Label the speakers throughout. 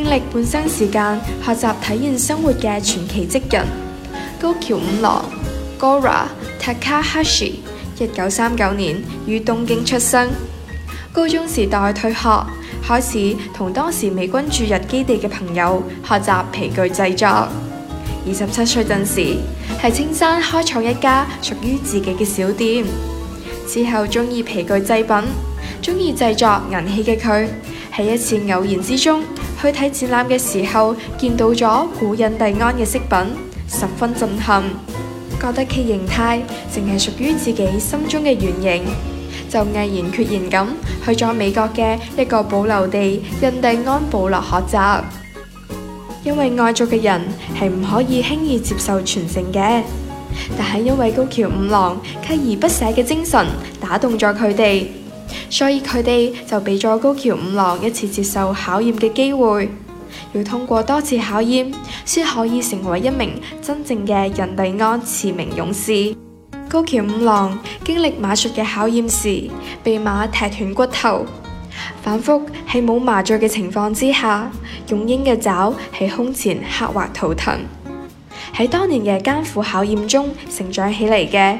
Speaker 1: 經歷半生時間，學習體驗生活嘅傳奇職人高橋吾郎 （Goro Takahashi），一九三九年於東京出生。高中時代退學，開始同當時美軍駐日基地嘅朋友學習皮具製作。二十七歲陣時，喺青山開創一家屬於自己嘅小店。之後中意皮具製品，中意製作銀器嘅佢喺一次偶然之中。去睇展覽嘅時候，見到咗古印第安嘅飾品，十分震撼，覺得其形態淨係屬於自己心中嘅原型，就毅然決然咁去咗美國嘅一個保留地印第安部落學習。因為外族嘅人係唔可以輕易接受傳承嘅，但係因為高橋吾郎鍥而不捨嘅精神，打動咗佢哋。所以佢哋就畀咗高橋吾郎一次接受考驗嘅機會，要通過多次考驗先可以成為一名真正嘅印第安馳名勇士。高橋吾郎經歷馬術嘅考驗時，被馬踢斷骨頭，反覆喺冇麻醉嘅情況之下，用鷹嘅爪喺胸前刻劃圖騰。喺當年嘅艱苦考驗中成長起嚟嘅，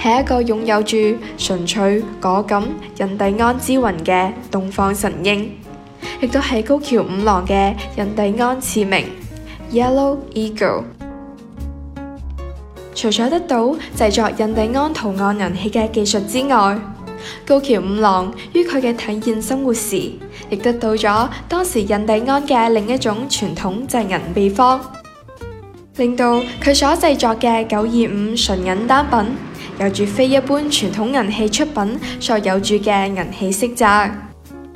Speaker 1: 係一個擁有住純粹果敢印第安之魂嘅東方神鷹，亦都係高橋吾郎嘅印第安次名 Yellow Eagle。除咗得到製作印第安圖案人氣嘅技術之外，高橋吾郎於佢嘅體驗生活時，亦得到咗當時印第安嘅另一種傳統製銀秘方。令到佢所製作嘅九二五純銀單品有住非一般傳統銀器出品所有住嘅銀器色澤，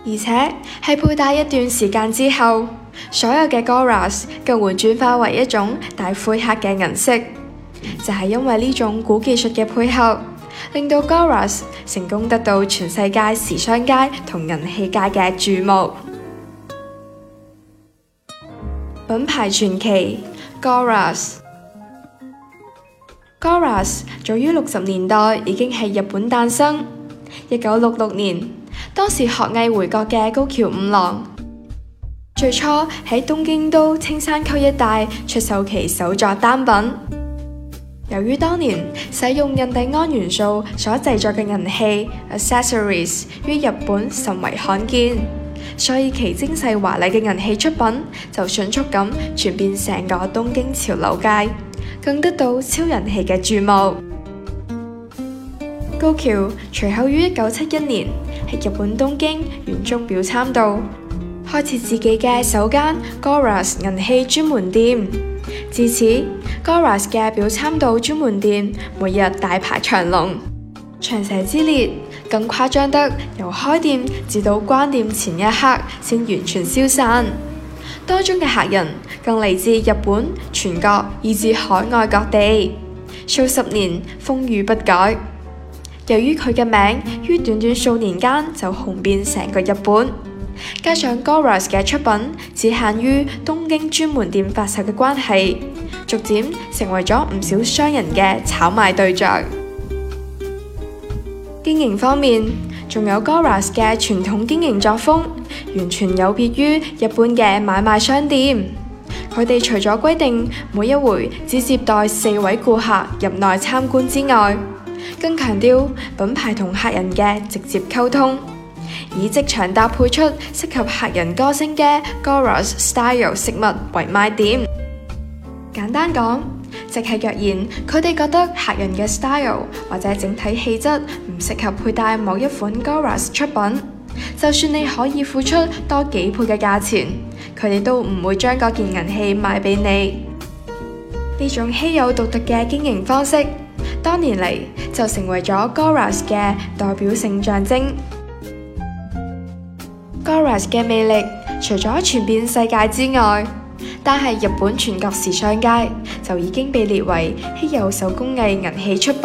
Speaker 1: 而且係佩戴一段時間之後，所有嘅 Goros 更會轉化為一種大灰黑嘅銀色，就係因為呢種古技術嘅配合，令到 Goros 成功得到全世界時尚界同銀器界嘅注目。品牌傳奇。g o r a s g o r a s 早於六十年代已經喺日本誕生，一九六六年，當時學藝回國嘅高橋五郎，最初喺東京都青山區一代出售其手作單品。由於當年使用印第安元素所製作嘅銀器 accessories 於日本甚為罕見。所以其精細華麗嘅銀器出品就迅速咁傳遍成個東京潮流界，更得到超人氣嘅注目。高橋隨後於一九七一年喺日本東京原宿表參道開設自己嘅首間 GORO'S 銀器專門店，至此 GORO'S 嘅表參道專門店每日大排長龍，長蛇之列。更誇張得由開店至到關店前一刻先完全消散，當中嘅客人更嚟自日本、全國以至海外各地，數十年風雨不改。由於佢嘅名於短短數年間就紅遍成個日本，加上 Goro's 嘅出品只限於東京專門店發售嘅關係，逐漸成為咗唔少商人嘅炒賣對象。經營方面，仲有 Goro's 嘅傳統經營作風，完全有別於日本嘅買賣商店。佢哋除咗規定每一回只接待四位顧客入內參觀之外，更強調品牌同客人嘅直接溝通，以即場搭配出適合客人歌聲嘅 Goro's Style 飾物為賣點。簡單講。即係若然佢哋覺得客人嘅 style 或者整體氣質唔適合佩戴某一款 Goros 出品，就算你可以付出多幾倍嘅價錢，佢哋都唔會將嗰件銀器賣俾你。呢種稀有獨特嘅經營方式，多年嚟就成為咗 Goros 嘅代表性象徵。Goros 嘅魅力除咗傳遍世界之外。但係日本全國時尚界就已經被列為稀有手工藝銀器出品。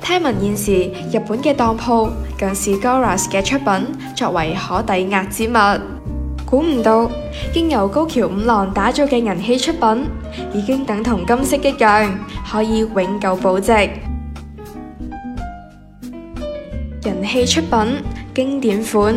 Speaker 1: 聽聞現時日本嘅當鋪更是 GORO'S 嘅出品作為可抵押之物。估唔到經由高橋吾郎打造嘅銀器出品，已經等同金色一樣可以永久保值。銀器出品經典款。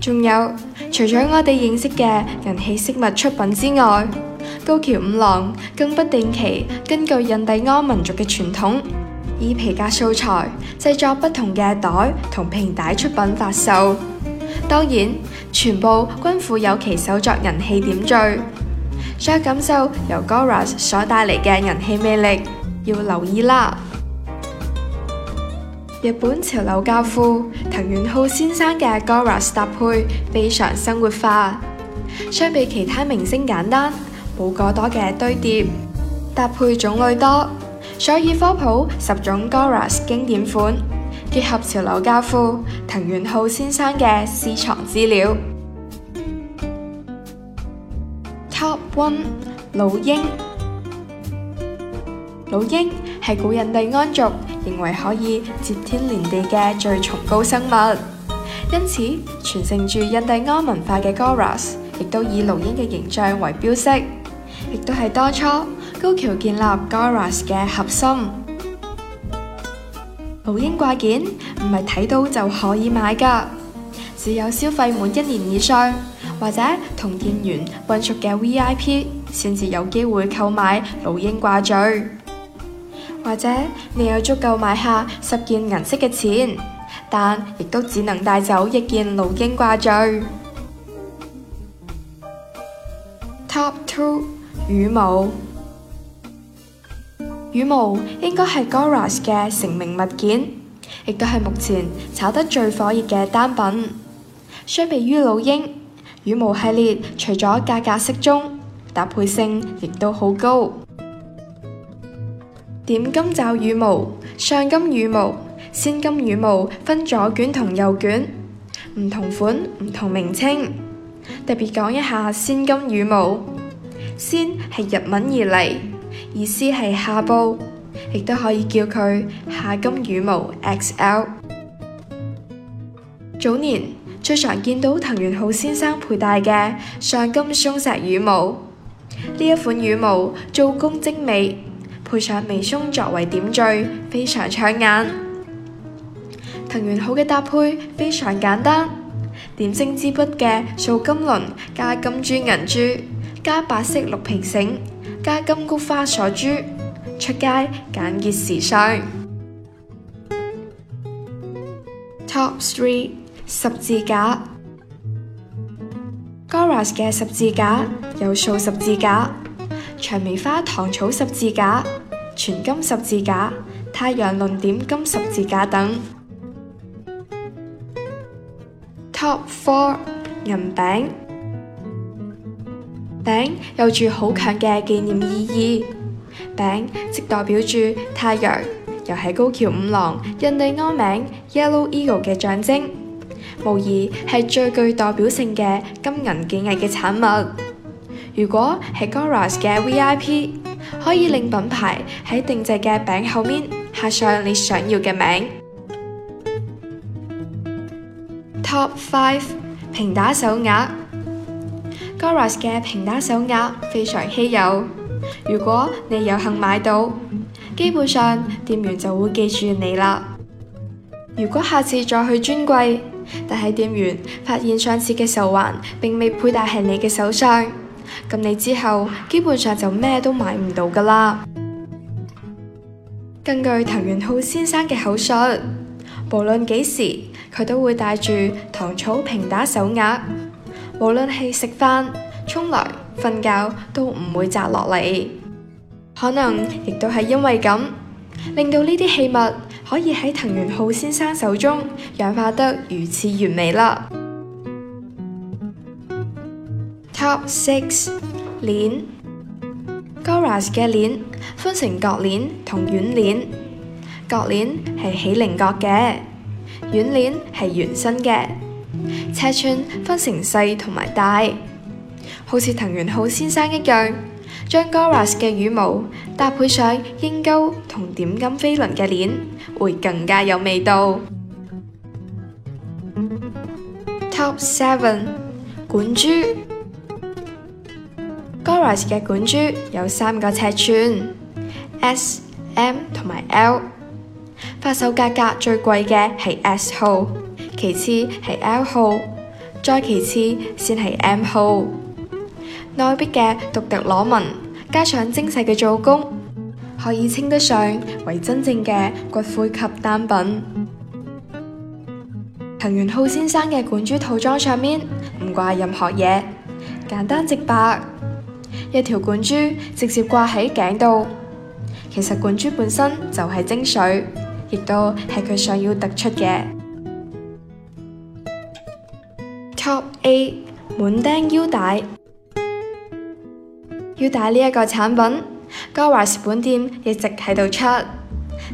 Speaker 1: 仲有，除咗我哋認識嘅銀器飾物出品之外，高橋吾郎更不定期根據印第安民族嘅傳統，以皮革素材製作不同嘅袋同平帶出品發售。當然，全部均附有其手作銀器點綴。想感受由 Goros 所帶嚟嘅銀器魅力，要留意啦！日本潮流教父藤原浩先生嘅 Goros 搭配非常生活化，相比其他明星簡單，冇過多嘅堆疊，搭配種類多，所以科普十種 Goros 經典款，結合潮流教父藤原浩先生嘅私藏資料。Top One，老鷹，老鷹。係古印第安族認為可以接天連地嘅最崇高生物，因此傳承住印第安文化嘅 GORO'S 亦都以老鷹嘅形象為標識，亦都係當初高橋建立 GORO'S 嘅核心。老鷹掛件唔係睇到就可以買噶，只有消費滿一年以上或者同店員混熟嘅 VIP 先至有機會購買老鷹掛墜。或者你有足夠買下十件銀色嘅錢，但亦都只能帶走一件老鷹掛墜。Top two，羽毛。羽毛應該係 GORO'S 嘅成名物件，亦都係目前炒得最火熱嘅單品。相比於老鷹，羽毛系列除咗價格適中，搭配性亦都好高。點金爪羽毛、上金羽毛、先金羽毛分左卷同右卷，唔同款唔同名稱。特別講一下先金羽毛，先係日文而嚟，意思係下部，亦都可以叫佢下金羽毛 XL。早年最常見到藤原浩先生佩戴嘅上金松石羽毛，呢一款羽毛做工精美。配上眉松作為點綴，非常搶眼。藤原浩嘅搭配非常簡單，點睛之筆嘅素金輪加金珠銀珠，加白色綠平繩，加金菊花鎖珠，出街簡潔時尚。Top three 十字架，GORO'S 嘅十字架有數十字架。薔薇花、糖草十字架、全金十字架、太陽輪點金十字架等。Top four 銀餅，餅有住好強嘅紀念意義，餅即代表住太陽，又係高橋吾郎印第安名 Yellow Eagle 嘅象徵，無疑係最具代表性嘅金銀技藝嘅產物。如果係 Goro's 嘅 V.I.P，可以令品牌喺定制嘅餅後面刻上你想要嘅名。Top five 平打手鐲。Goro's 嘅平打手鐲非常稀有。如果你有幸買到，基本上店員就會記住你啦。如果下次再去專櫃，但係店員發現上次嘅手環並未佩戴喺你嘅手上。咁你之後基本上就咩都買唔到噶啦。根據藤原浩先生嘅口述，無論幾時佢都會帶住糖草平打手鐲，無論係食飯、沖涼、瞓覺都唔會摘落嚟。可能亦都係因為咁，令到呢啲器物可以喺藤原浩先生手中氧化得如此完美啦。Top six 鏈 GORO'S 嘅鏈分成角鏈同軟鏈，角鏈係起菱角嘅，軟鏈係圓身嘅，尺寸分成細同埋大，好似藤原浩先生一樣，將 GORO'S 嘅羽毛搭配上鷹鈎同點金飛輪嘅鏈，會更加有味道。Top seven 管珠。GORO'S 嘅管珠有三個尺寸，S、M 同埋 L。發售價格最貴嘅係 S 號，其次係 L 號，再其次先係 M 號。內壁嘅獨特螺紋，加上精細嘅做工，可以稱得上為真正嘅骨灰級單品。藤原浩先生嘅管珠套裝上面唔掛任何嘢，簡單直白。一條管珠直接掛喺頸度，其實管珠本身就係精髓，亦都係佢想要突出嘅。Top a 滿丁滿釘腰帶，腰帶呢一個產品，Goro's 本店一直喺度出，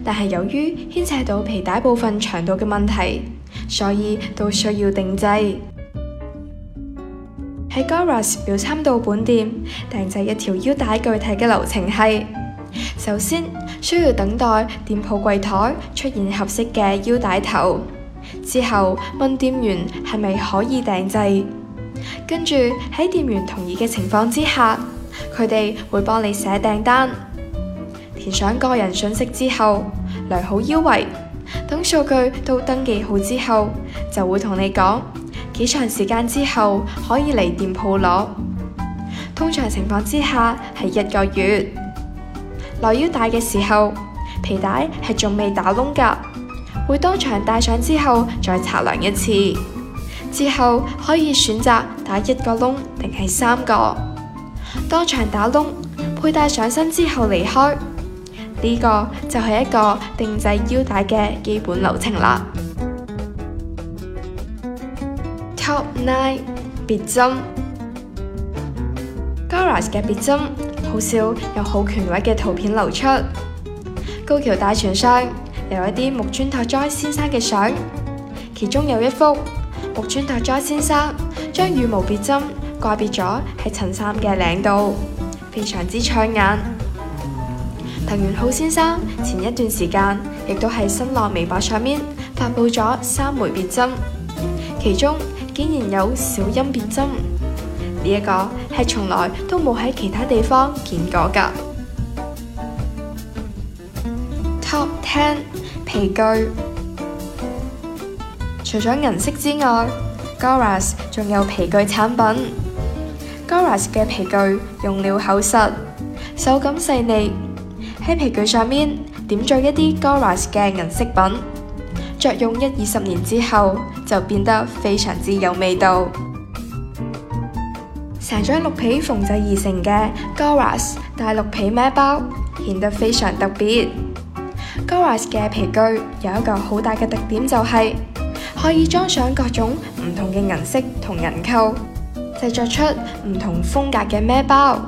Speaker 1: 但係由於牽扯到皮帶部分長度嘅問題，所以都需要定製。喺 GORO'S 表參道本店訂製一條腰帶，具體嘅流程係：首先需要等待店鋪櫃台出現合適嘅腰帶頭，之後問店員係咪可以訂製，跟住喺店員同意嘅情況之下，佢哋會幫你寫訂單，填上個人信息之後，量好腰圍，等數據都登記好之後，就會同你講。幾長時間之後可以嚟店鋪攞？通常情況之下係一個月。來腰帶嘅時候，皮帶係仲未打窿㗎，會當場戴上之後再測量一次。之後可以選擇打一個窿定係三個。當場打窿，佩戴上身之後離開。呢、這個就係一個定製腰帶嘅基本流程啦。Top nine 別針，Goros 嘅別針好少有好權威嘅圖片流出。高橋大船上有一啲木村拓哉先生嘅相，其中有一幅木村拓哉先生將羽毛別針掛別咗喺襯衫嘅領度，非常之搶眼。藤原浩先生前一段時間亦都喺新浪微博上面發布咗三枚別針，其中。竟然有小音別針，呢、這、一個係從來都冇喺其他地方見過噶。Top ten 皮具，除咗銀色之外 Goros 仲有皮具產品。Goros 嘅皮具用料厚實，手感細膩。喺皮具上面點綴一啲 Goros 嘅銀飾品。着用一二十年之後，就變得非常之有味道。成張鹿皮縫製而成嘅 Goras 大鹿皮咩包，顯得非常特別。Goras 嘅皮具有一個好大嘅特點，就是，就係可以裝上各種唔同嘅銀色同銀扣，製作出唔同風格嘅咩包。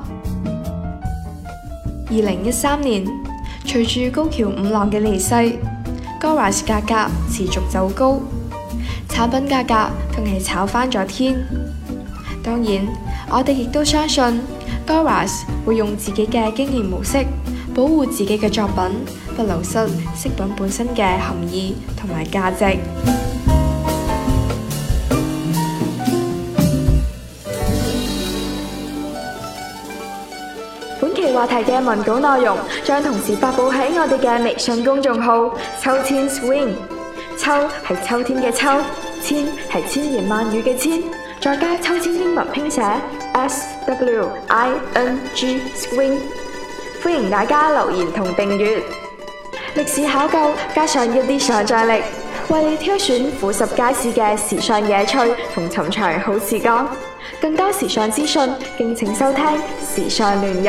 Speaker 1: 二零一三年，隨住高橋吾郎嘅離世。GORO'S 價格持續走高，產品價格更係炒翻咗天。當然，我哋亦都相信 GORO'S 會用自己嘅經營模式，保護自己嘅作品不流失飾品本身嘅含義同埋價值。議題嘅文稿內容將同時發佈喺我哋嘅微信公眾號“秋千 swing”，秋係秋，秋天嘅秋，千係千言萬語嘅千，再加秋千英文拼寫 S W I N G swing，歡迎大家留言同訂閱。歷史考究加上一啲想象力，為你挑選富十街市嘅時尚野趣同尋常好時光，更多時尚資訊敬請收聽《時尚亂入》。